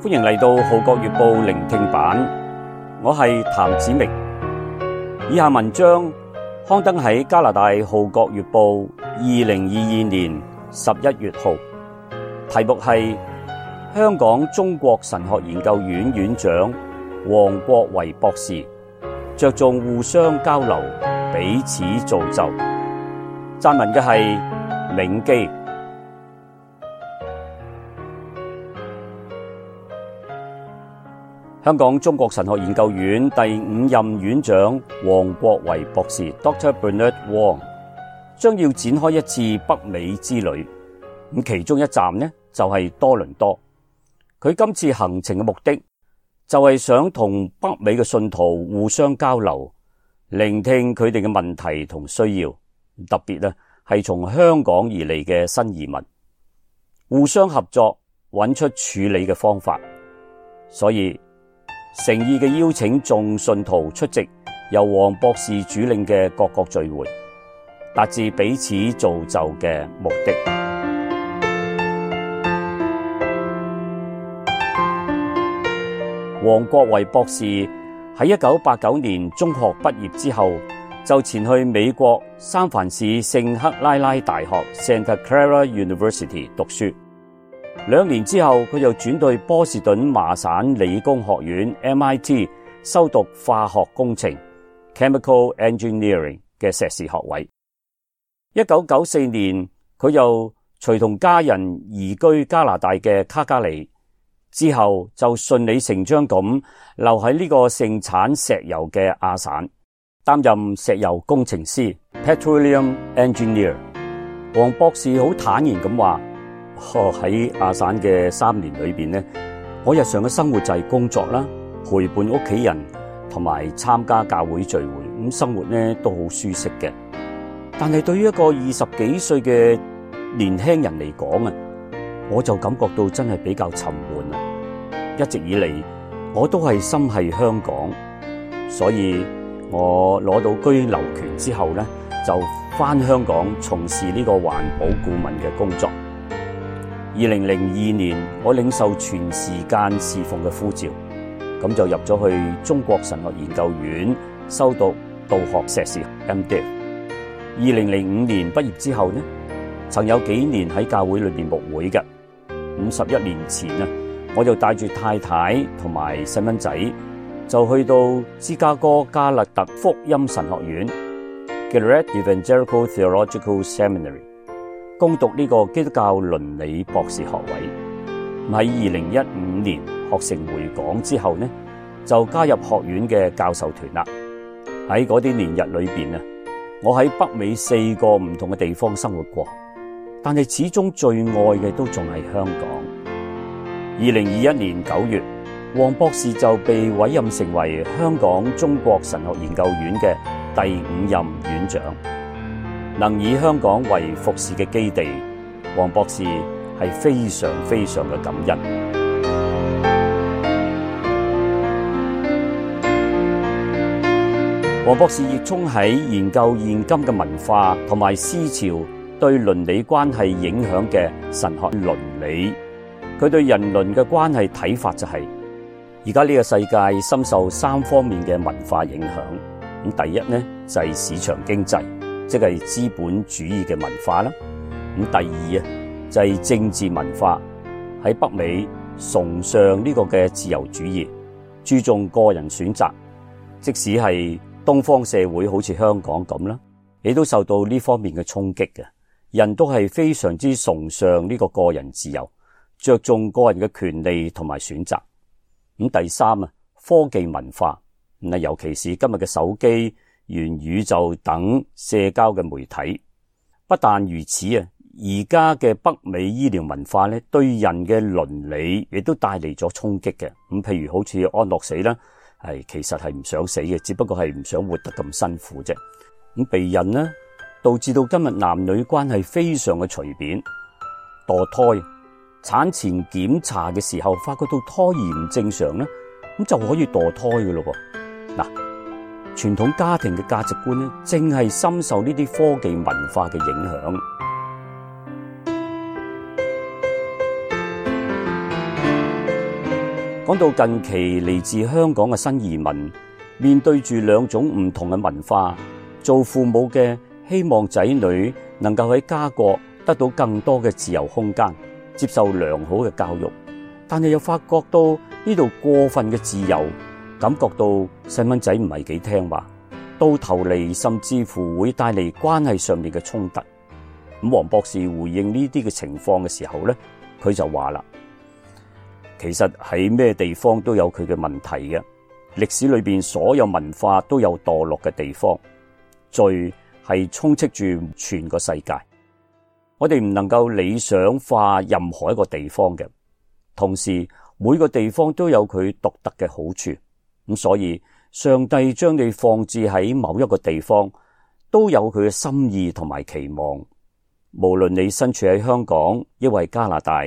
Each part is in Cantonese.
歡迎嚟到《浩國月報》聆聽版，我係譚子明。以下文章刊登喺加拿大《浩國月報》二零二二年十一月號，題目係《香港中國神學研究院院長黃國維博士着重互相交流，彼此造就》，撰文嘅係銘基。香港中國神學研究院第五任院長黃國維博士 （Dr. Bernard Wong） 將要展開一次北美之旅。咁其中一站呢就係多倫多。佢今次行程嘅目的就係想同北美嘅信徒互相交流，聆聽佢哋嘅問題同需要，特別呢係從香港而嚟嘅新移民，互相合作，揾出處理嘅方法。所以。誠意嘅邀請眾信徒出席由黃博士主領嘅各個聚會，達至彼此造就嘅目的。黃國維博士喺一九八九年中學畢業之後，就前去美國三藩市聖克拉拉大學 （Santa Clara University） 讀書。兩年之後，佢又轉到波士頓麻省理工學院 MIT 修讀化學工程 （chemical engineering） 嘅碩士學位。一九九四年，佢又隨同家人移居加拿大嘅卡加里，之後就順理成章咁留喺呢個盛產石油嘅亞省擔任石油工程師 （petroleum engineer）。黃博士好坦然咁話。喺、哦、亞省嘅三年裏邊咧，我日常嘅生活就係工作啦，陪伴屋企人同埋參加教會聚會，咁生活咧都好舒適嘅。但係對於一個二十幾歲嘅年輕人嚟講啊，我就感覺到真係比較沉悶啊！一直以嚟我都係心繫香港，所以我攞到居留權之後咧，就翻香港從事呢個環保顧問嘅工作。二零零二年，我領受全時間侍奉嘅呼召，咁就入咗去中國神學研究院修讀道學碩士 M.Div。二零零五年畢業之後呢，曾有幾年喺教會裏面牧會嘅。五十一年前啊，我就帶住太太同埋細蚊仔，就去到芝加哥加勒特福音神學院 Garrett Evangelical Theological Seminary）。攻讀呢個基督教倫理博士學位，喺二零一五年學成回港之後呢，就加入學院嘅教授團啦。喺嗰啲年日裏邊，我喺北美四個唔同嘅地方生活過，但係始終最愛嘅都仲係香港。二零二一年九月，黃博士就被委任成為香港中國神學研究院嘅第五任院長。能以香港為服侍嘅基地，黃博士係非常非常嘅感恩。黃博士熱衷喺研究現今嘅文化同埋思潮對倫理關係影響嘅神學倫理，佢對人倫嘅關係睇法就係，而家呢個世界深受三方面嘅文化影響。第一呢就係市場經濟。即係資本主義嘅文化啦。咁第二啊，就係、是、政治文化，喺北美崇尚呢個嘅自由主義，注重個人選擇。即使係東方社會好似香港咁啦，亦都受到呢方面嘅衝擊嘅。人都係非常之崇尚呢個個人自由，着重個人嘅權利同埋選擇。咁第三啊，科技文化，嗱尤其是今日嘅手機。元宇宙等社交嘅媒體，不但如此啊，而家嘅北美醫療文化咧，對人嘅倫理亦都帶嚟咗衝擊嘅。咁譬如好似安樂死啦，係其實係唔想死嘅，只不過係唔想活得咁辛苦啫。咁避孕呢，導致到今日男女關係非常嘅隨便，墮胎、產前檢查嘅時候發覺到胎兒唔正常咧，咁就可以墮胎嘅咯。傳統家庭嘅價值觀咧，正係深受呢啲科技文化嘅影響。講到近期嚟自香港嘅新移民，面對住兩種唔同嘅文化，做父母嘅希望仔女能夠喺家國得到更多嘅自由空間，接受良好嘅教育，但係又發覺到呢度過分嘅自由。感覺到細蚊仔唔係幾聽話，到頭嚟甚至乎會帶嚟關係上面嘅衝突。咁黃博士回應呢啲嘅情況嘅時候咧，佢就話啦：其實喺咩地方都有佢嘅問題嘅。歷史裏邊所有文化都有墮落嘅地方，罪係充斥住全個世界。我哋唔能夠理想化任何一個地方嘅，同時每個地方都有佢獨特嘅好處。咁所以，上帝將你放置喺某一個地方，都有佢嘅心意同埋期望。無論你身處喺香港亦或加拿大，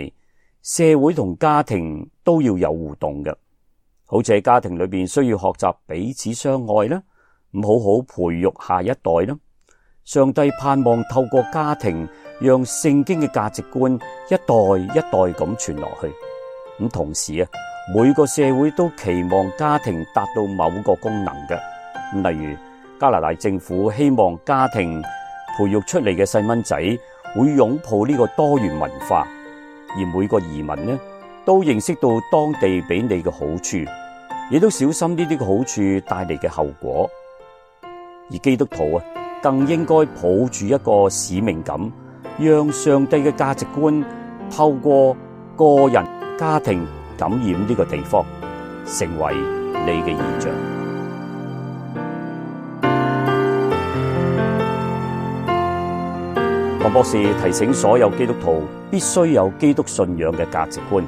社會同家庭都要有互動嘅。好似喺家庭裏邊，需要學習彼此相愛啦，唔好好培育下一代啦。上帝盼望透過家庭，讓聖經嘅價值觀一代一代咁傳落去。咁同時啊。每個社會都期望家庭達到某個功能嘅，例如加拿大政府希望家庭培育出嚟嘅細蚊仔會擁抱呢個多元文化，而每個移民呢都認識到當地俾你嘅好處，亦都小心呢啲嘅好處帶嚟嘅後果。而基督徒啊，更應該抱住一個使命感，讓上帝嘅價值觀透過個人、家庭，感染呢個地方，成為你嘅異象。黃博士提醒所有基督徒，必須有基督信仰嘅價值觀，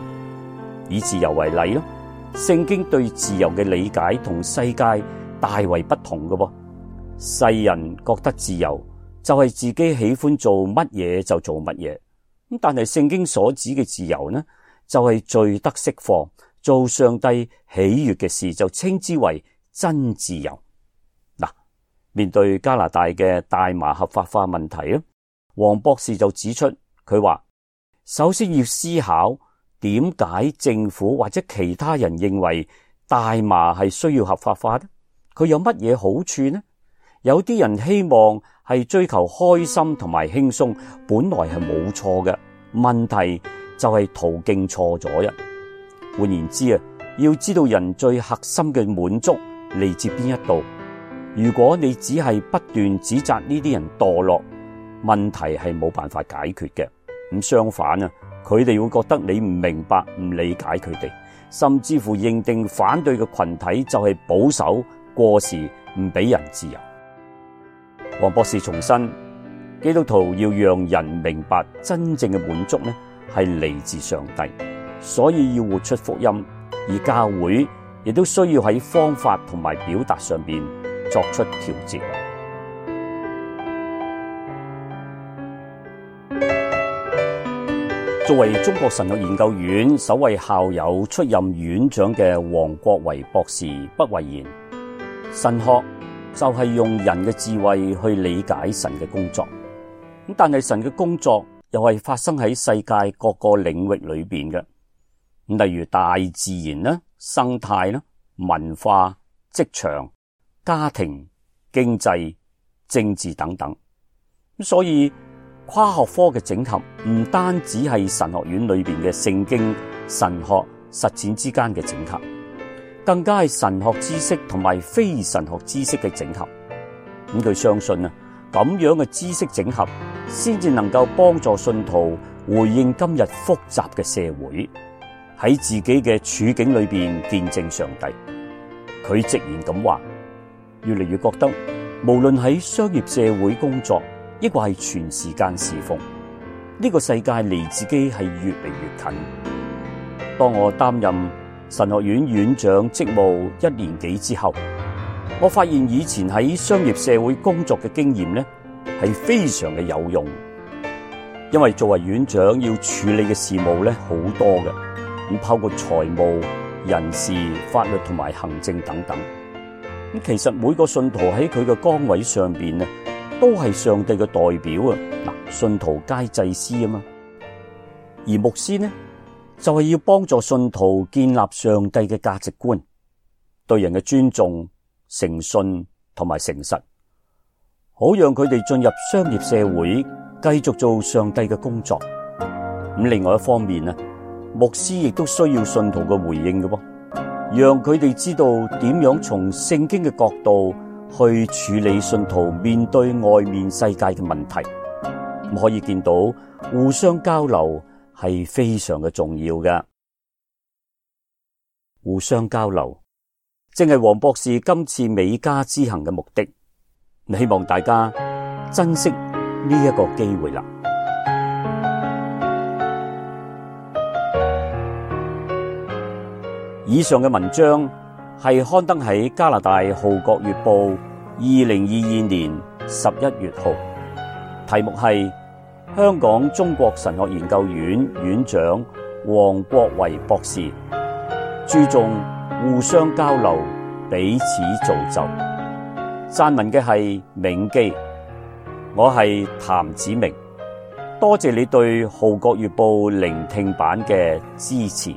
以自由為例咯。聖經對自由嘅理解同世界大為不同嘅噃。世人覺得自由就係、是、自己喜歡做乜嘢就做乜嘢，咁但係聖經所指嘅自由呢？就係罪得釋放，做上帝喜悅嘅事，就稱之為真自由。嗱，面對加拿大嘅大麻合法化問題啊，黃博士就指出，佢話首先要思考點解政府或者其他人認為大麻係需要合法化咧？佢有乜嘢好處呢？有啲人希望係追求開心同埋輕鬆，本來係冇錯嘅問題。就係途徑錯咗一，換言之啊，要知道人最核心嘅滿足嚟自邊一度。如果你只係不斷指責呢啲人墮落，問題係冇辦法解決嘅。咁相反啊，佢哋會覺得你唔明白、唔理解佢哋，甚至乎認定反對嘅群體就係保守、過時、唔俾人自由。黃博士重申，基督徒要讓人明白真正嘅滿足呢，係嚟自上帝，所以要活出福音，而教會亦都需要喺方法同埋表達上面作出調節。作為中國神學研究院首位校友出任院長嘅黃國維博士不諱言，神學就係用人嘅智慧去理解神嘅工作。咁但係神嘅工作。又係發生喺世界各個領域裏邊嘅，例如大自然啦、生態啦、文化、職場、家庭、經濟、政治等等。所以跨學科嘅整合唔單止係神學院裏邊嘅聖經、神學實踐之間嘅整合，更加係神學知識同埋非神學知識嘅整合。咁佢相信啊，咁樣嘅知識整合，先至能夠幫助信徒回應今日複雜嘅社會，喺自己嘅處境裏邊見證上帝。佢直言咁話，越嚟越覺得，無論喺商業社會工作，亦或係全時間侍奉，呢個世界離自己係越嚟越近。當我擔任神學院院長職務一年幾之後，我發現以前喺商業社會工作嘅經驗呢，係非常嘅有用的，因為作為院長要處理嘅事務咧好多嘅，咁包括財務、人事、法律同埋行政等等。咁其實每個信徒喺佢嘅崗位上邊呢，都係上帝嘅代表啊！嗱，信徒皆祭司啊嘛，而牧師呢就係、是、要幫助信徒建立上帝嘅價值觀，對人嘅尊重、誠信同埋誠實。好讓佢哋進入商業社會，繼續做上帝嘅工作。咁另外一方面呢，牧師亦都需要信徒嘅回應嘅，噉讓佢哋知道點樣從聖經嘅角度去處理信徒面對外面世界嘅問題。可以見到互相交流係非常嘅重要嘅。互相交流，正係黃博士今次美加之行嘅目的。希望大家珍惜呢一個機會啦。以上嘅文章係刊登喺加拿大《號角月報》二零二二年十一月號，題目係《香港中國神學研究院院長黃國維博士注重互相交流，彼此造就》。撰文嘅係銘基，我係譚子明，多謝你對《號角月報》聆聽版嘅支持。